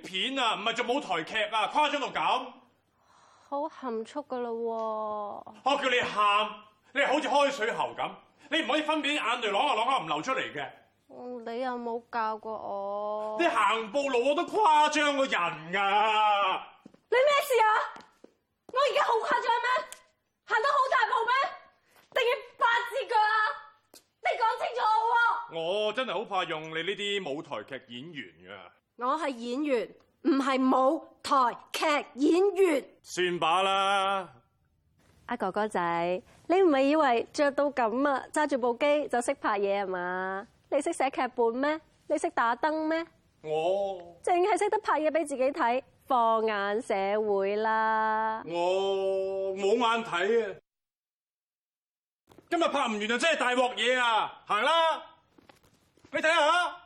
片啊，唔係做舞台劇啊，誇張到咁，好含蓄噶咯喎。我叫你喊，你好似開水喉咁，你唔可以分辨眼淚攞下攞下唔流出嚟嘅，嗯。你有冇教過我？你行步路我都誇張個人㗎，啊！你咩事啊？我而家好誇張咩？行到好大步咩？定要八字腳？啊？你講清楚我喎，啊。我真係好怕用你呢啲舞台劇演員噶。我係演員，唔係舞台劇演員。算罷吧啦，阿哥哥仔，你唔係以為着到咁啊，揸住部機就識拍嘢係嘛？你識寫劇本咩？你識打燈咩？我淨係識得拍嘢俾自己睇，放眼社會啦。我冇眼睇啊！今日拍唔完就真係大鑊嘢啊！行啦，你睇下。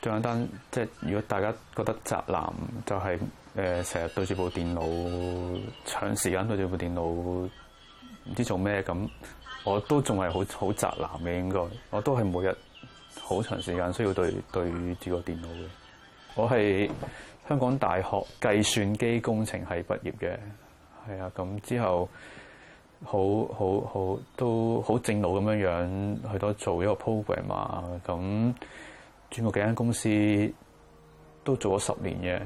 最簡單，即係如果大家覺得宅男就係、是、誒，成、呃、日對住部電腦長時間對住部電腦唔知做咩咁，我都仲係好好宅男嘅。應該我都係每日好長時間需要對對住個電腦嘅。我係香港大學計算機工程系畢業嘅，係啊。咁之後好好好都好正路咁樣樣去多做一個 program 啊咁。轉過幾間公司都做咗十年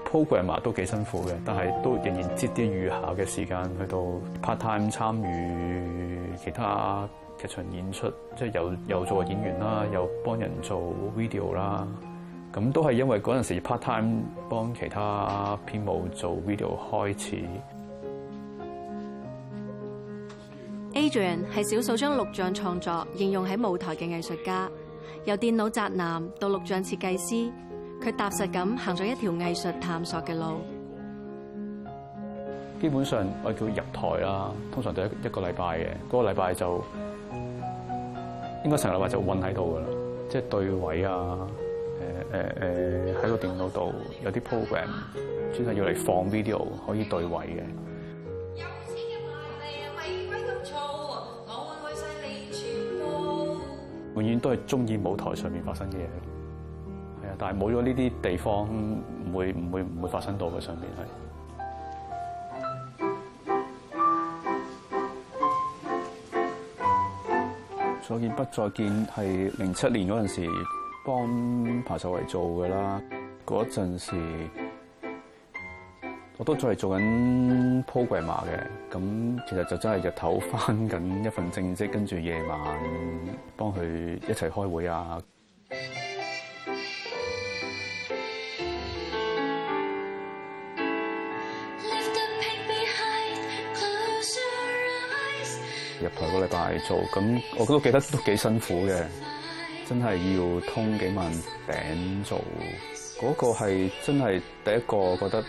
嘅，programmer 都幾辛苦嘅，但係都仍然接啲餘下嘅時間去到 part time 參與其他劇場演出，即係又又做演員啦，又幫人做 video 啦，咁都係因為嗰陣時 part time 幫其他編舞做 video 開始。係少數將錄像創作應用喺舞台嘅藝術家，由電腦宅男到錄像設計師，佢踏實咁行咗一條藝術探索嘅路。基本上我叫入台啦，通常就一一個禮拜嘅，個禮拜就應該成個禮拜就韫喺度噶啦，即係對位啊，誒誒誒喺個電腦度有啲 program 專係要嚟放 video 可以對位嘅。有錢嘅啊，咁。永遠都係鍾意舞台上面發生嘅嘢，係啊！但係冇咗呢啲地方，唔會唔會唔會發生到嘅上面係。再見不再見係零七年嗰陣時幫彭秀慧做嘅啦，嗰陣時。我都仲係做緊 programmer 嘅，咁其實就真係日頭返緊一份正職，跟住夜晚幫佢一齊開會啊。入台個禮拜做，咁我都記得都幾辛苦嘅，真係要通幾萬餅做。嗰個係真係第一個覺得誒，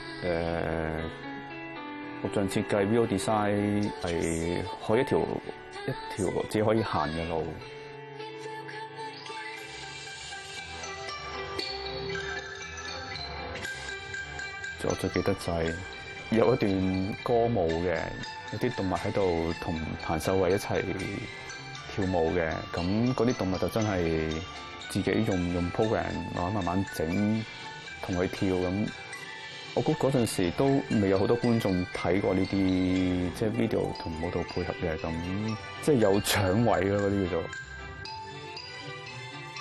服、呃、裝設計 i e w design），係係一條一條路只可以行嘅路。 我最記得就係有一段歌舞嘅，有啲動物喺度同譚秀偉一齊。跳舞嘅，咁嗰啲動物就真係自己用用 program 啊，慢慢整同佢跳咁。我估嗰陣時都未有好多觀眾睇過呢啲即係 video 同舞蹈配合嘅咁，即係、就是、有搶位咯嗰啲叫做。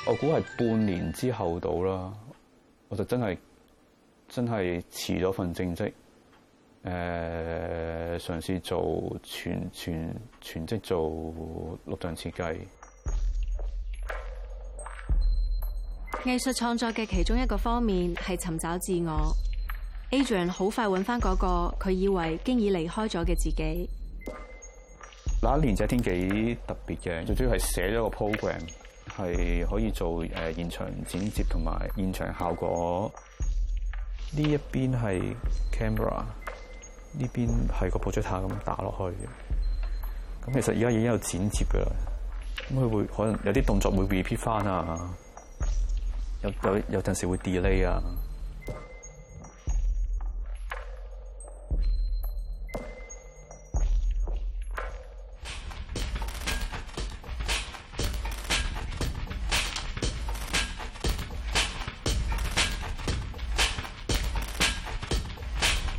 我估係半年之後到啦，我就真係真係辭咗份正職。誒、呃、嘗試做全全全職做錄像設計。藝術創作嘅其中一個方面係尋找自我。Adrian 好快揾翻嗰個佢以為經已離開咗嘅自己。嗱，一年這天幾特別嘅，最主要係寫咗個 program 係可以做誒現場剪接同埋現場效果。呢一邊係 camera。呢邊係個 project 咁打落去嘅，咁其實而家已經有剪接㗎喇，咁佢會可能有啲動作會 repeat 翻啊，有有有陣時會 delay 啊，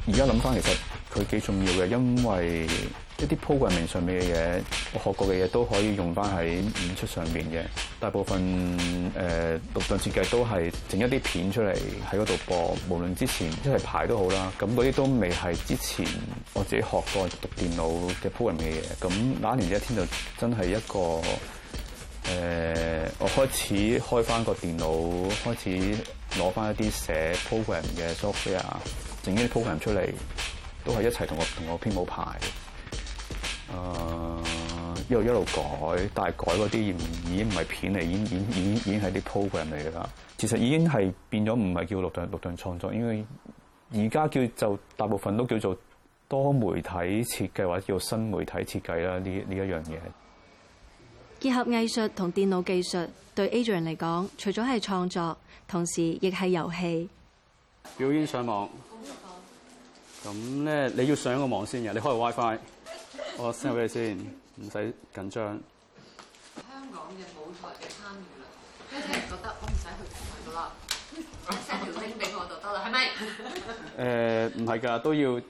而家諗翻其實。佢幾重要嘅，因為一啲 programming 上面嘅嘢，我學過嘅嘢都可以用翻喺演出上面嘅。大部分誒動畫設計都係整一啲片出嚟喺嗰度播。無論之前即係排都好啦，咁嗰啲都未係之前我自己學過讀電腦嘅 program 嘅嘢。咁那一年一天就真係一個誒、呃、我開始開翻個電腦，開始攞翻一啲寫 program 嘅 software，整啲 program 出嚟。都係一齊同我同我編好牌，誒、呃、一路一路改，但係改嗰啲已經已經唔係片嚟，已經已經已經已經係啲 po 文嚟㗎啦。其實已經係變咗唔係叫六代六代創作，因為而家叫就大部分都叫做多媒體設計或者叫新媒體設計啦。呢呢一樣嘢結合藝術同電腦技術，對 A 族人嚟講，除咗係創作，同時亦係遊戲表演上網。咁咧，你要上一個網先嘅，你開個 WiFi，我 send 俾你先，唔使 緊張。香港嘅舞台嘅參與啦，啲人覺得我唔使去舞台噶啦，send 條 link 俾我就得啦，係咪 吧？誒、呃，唔係㗎，都要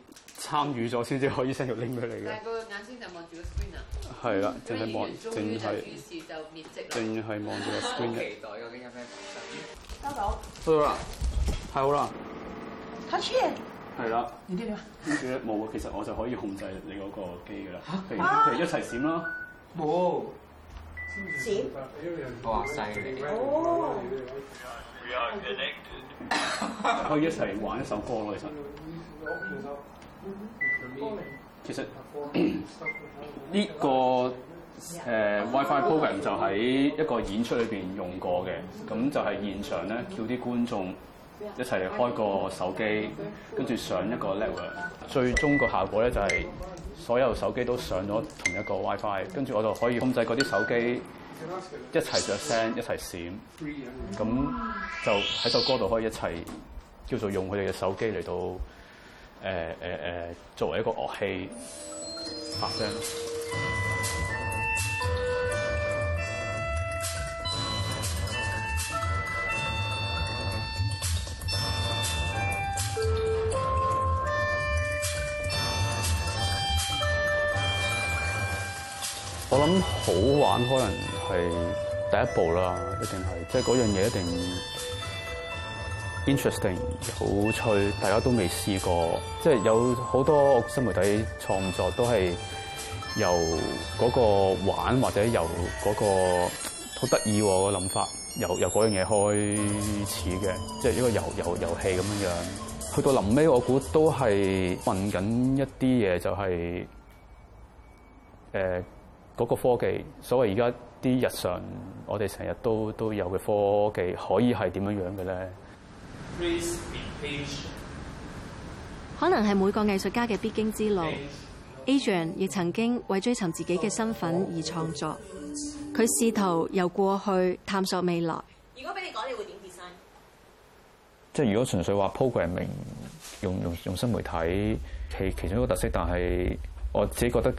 參與咗先至可以 send 條 link 俾你嘅。但係個眼睛就望住個 screen 啊。係啦， 淨係望，淨係，淨係望住個 screen。 期待究竟有咩？收到。收到啦，太好啦。開始。係啦，點點啊？冇啊，其實我就可以控制你嗰個機㗎啦。譬如、啊、一齊閃咯，冇閃，玩曬、oh. 可以一齊玩一首歌囉，其實。其實呢個、呃 oh. WiFi program 就喺一個演出裏面用過嘅，咁就係現場咧叫啲觀眾，一齊嚟開個手機，跟住上一個 level，最終個效果咧就係所有手機都上咗同一個 WiFi，跟住我就可以控制嗰啲手機一齊着聲、一齊閃，咁就喺首歌度可以一齊叫做用佢哋嘅手機嚟到誒誒誒作為一個樂器發聲。好玩可能係第一步啦，一定係，即係嗰樣嘢一定 interesting 好趣，大家都未試過，即係有好多新媒體創作都係由嗰個玩或者由嗰個好得意個諗法，由由嗰樣嘢開始嘅，即係一個遊遊遊戲咁樣樣，去到臨尾我估都係問緊一啲嘢，就係誒。呃嗰個科技，所謂而家啲日常，我哋成日都都有嘅科技，可以係點樣樣嘅咧？可能係每個藝術家嘅必經之路。Adrian 亦曾經為追尋自己嘅身份而創作，佢試圖由過去探索未來。如果俾你講，你會點 design？即係如果純粹話 programming，用用用新媒體，其其中一個特色，但係我自己覺得，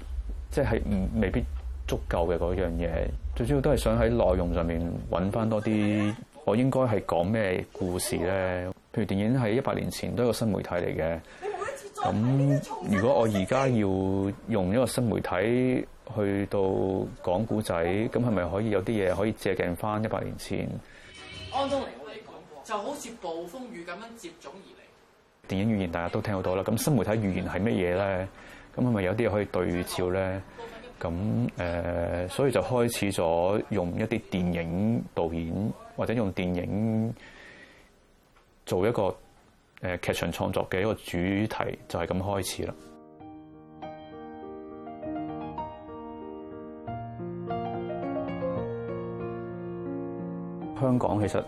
即係唔未必。足夠嘅嗰樣嘢，最主要都係想喺內容上面揾翻多啲，我應該係講咩故事咧？譬如電影喺一百年前都係一個新媒體嚟嘅，咁如果我而家要用一個新媒體去到講古仔，咁係咪可以有啲嘢可以借鏡翻一百年前？安東尼，我哋講過，就好似暴風雨咁樣接踵而嚟。電影語言大家都聽好多啦，咁新媒體語言係乜嘢咧？咁係咪有啲嘢可以對照咧？咁誒、呃，所以就開始咗用一啲電影導演或者用電影做一個誒、呃、劇場創作嘅一個主題，就係、是、咁開始啦。香港其實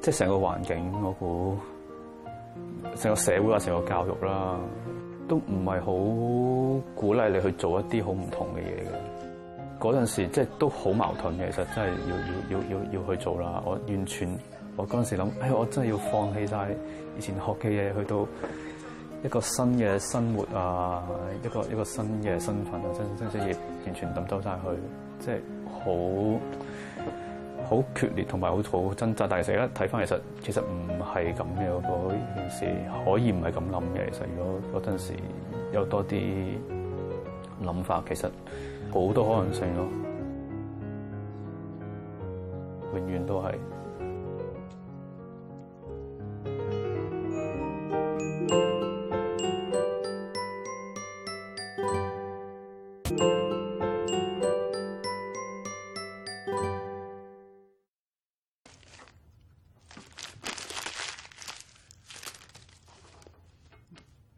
即係成個環境，我估，成個社會或成個教育啦。都唔係好鼓勵你去做一啲好唔同嘅嘢嘅，嗰陣時即係都好矛盾嘅，其實真係要要要要要去做啦。我完全我嗰陣時諗，哎我真係要放棄晒以前學嘅嘢，去到一個新嘅生活啊，一個一個新嘅身份啊，新新職業，完全抌走晒去，即係好。好決裂同埋好好掙扎，但係成日睇翻，其實其實唔係咁嘅嗰個件事，可以唔係咁諗嘅。其實如果嗰陣時有多啲諗法，其實好多可能性咯，永遠都係。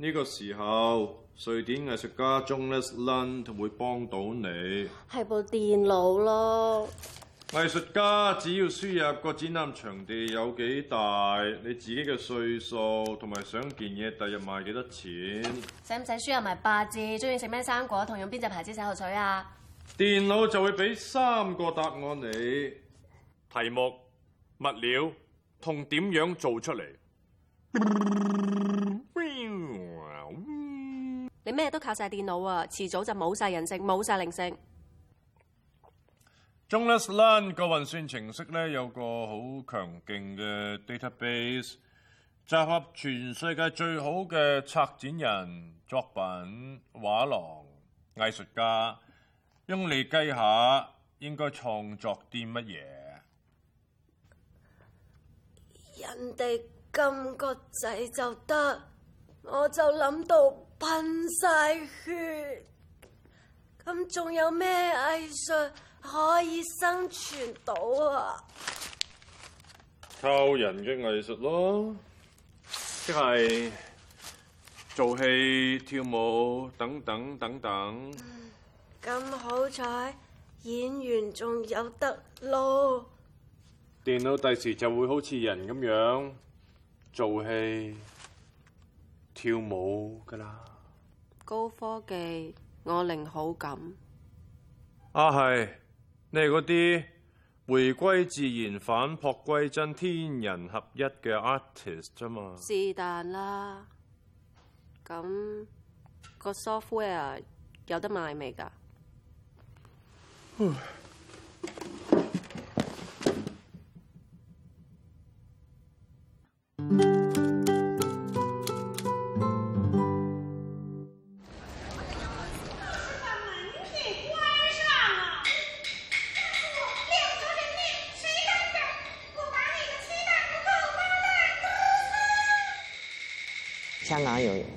呢個時候，瑞典藝術家 Jonas Lund 會幫到你。係部電腦咯。藝術家只要輸入個展覽場地有幾大，你自己嘅歲數，同埋想件嘢第日賣幾多錢。使唔使輸入埋八字？中意食咩生果？同用邊隻牌子洗頭水啊？電腦就會俾三個答案你：題目、物料同點樣做出嚟。 你咩都靠晒電腦啊！遲早就冇晒人性，冇晒靈性。Jonas Lund 個運算程式咧，有個好強勁嘅 database，集合全世界最好嘅策展人作品、畫廊藝術家，用嚟計下應該創作啲乜嘢。人哋咁個仔就得，我就諗到。噴晒血，咁仲有咩藝術可以生存到啊？靠人嘅藝術咯，即、就、係、是、做戲、跳舞等等等等。咁、嗯、好彩，演員仲有得撈。電腦第時就會好似人咁樣做戲、跳舞噶啦。高科技，我零好感。啊係，你係嗰啲回歸自然、反璞歸真、天人合一嘅 artist 咋嘛？是但啦，咁個 software 有得賣未㗎？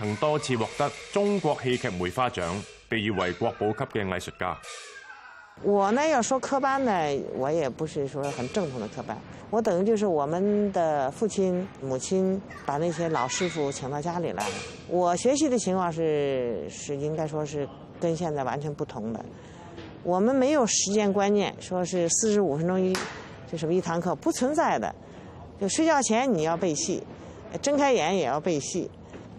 曾多次獲得中國戲劇梅花獎，被譽為國寶級嘅藝術家。我呢要說科班呢，我也不是說很正統的科班，我等於就是我們的父親母親把那些老師傅請到家裏來。我學習的情況是，是應該說是跟現在完全不同的。我們沒有時間觀念，說是四十五分鐘一，就什麼一堂課不存在的。就睡覺前你要背戲，睜開眼也要背戲。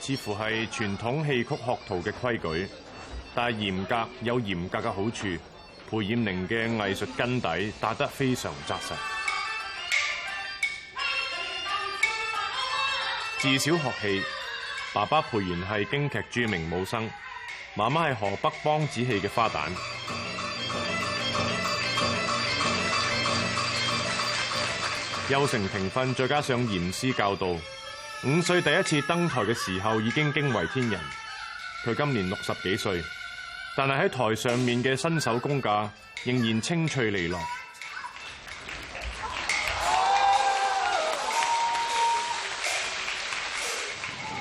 似乎係傳統戲曲學徒嘅規矩，但係嚴格有嚴格嘅好處。裴艷玲嘅藝術根底打得非常扎實。自小學戲，爸爸裴元係京劇著名武生，媽媽係河北梆子戲嘅花旦。幼承庭訓，再加上嚴師教導。五歲第一次登台嘅時候已經驚為天人，佢今年六十幾歲，但係喺台上面嘅身手功架仍然清脆利落。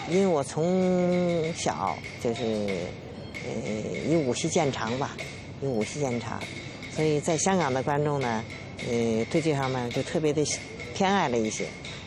因為我從小就是，誒以武戲見長吧，以武戲見長，所以在香港的觀眾呢，誒對這方面就特別的偏愛了一些。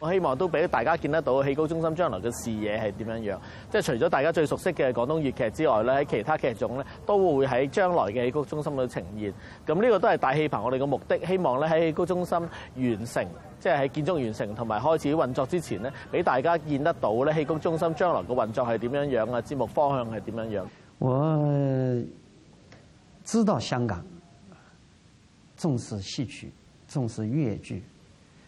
我希望都俾大家見得到戲曲中心將來嘅視野係點樣樣，即係除咗大家最熟悉嘅廣東粵劇之外咧，喺其他劇種咧都會喺將來嘅戲曲中心度呈現。咁呢個都係大戲棚我哋嘅目的，希望咧喺戲曲中心完成，即係喺建築完成同埋開始運作之前咧，俾大家見得到咧戲曲中心將來嘅運作係點樣樣啊，節目方向係點樣樣。我知道香港重視戲曲，重視粵劇。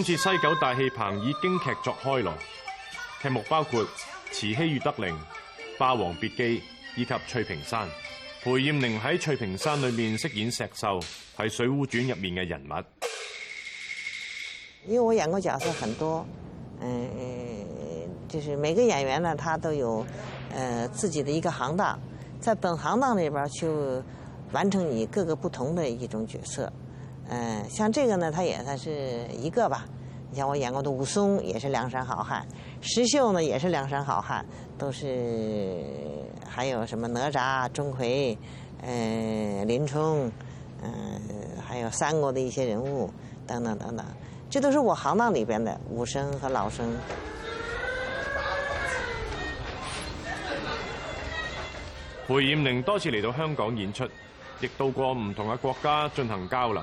今次西九大戲棚以京劇作開鑼，劇目包括《慈禧與德齡》《霸王別姬》以及《翠屏山》。裴艷玲喺《翠屏山》裏面飾演石秀，係《水滸傳》入面嘅人物。因為我演過角色很多，誒，就是每個演員呢，他都有，誒自己的一個行當，在本行當裏邊去完成你各個不同的一種角色。嗯，像這個呢，他也算是一個吧。你像我演過的武松也是梁山好漢，石秀呢也是梁山好漢，都是還有什麼哪吒、鍾馗、呃，林沖，嗯、呃，還有三國的一些人物等等等等，這都是我行當裏邊的武生和老生。裴艷玲多次嚟到香港演出，亦到過唔同嘅國家進行交流。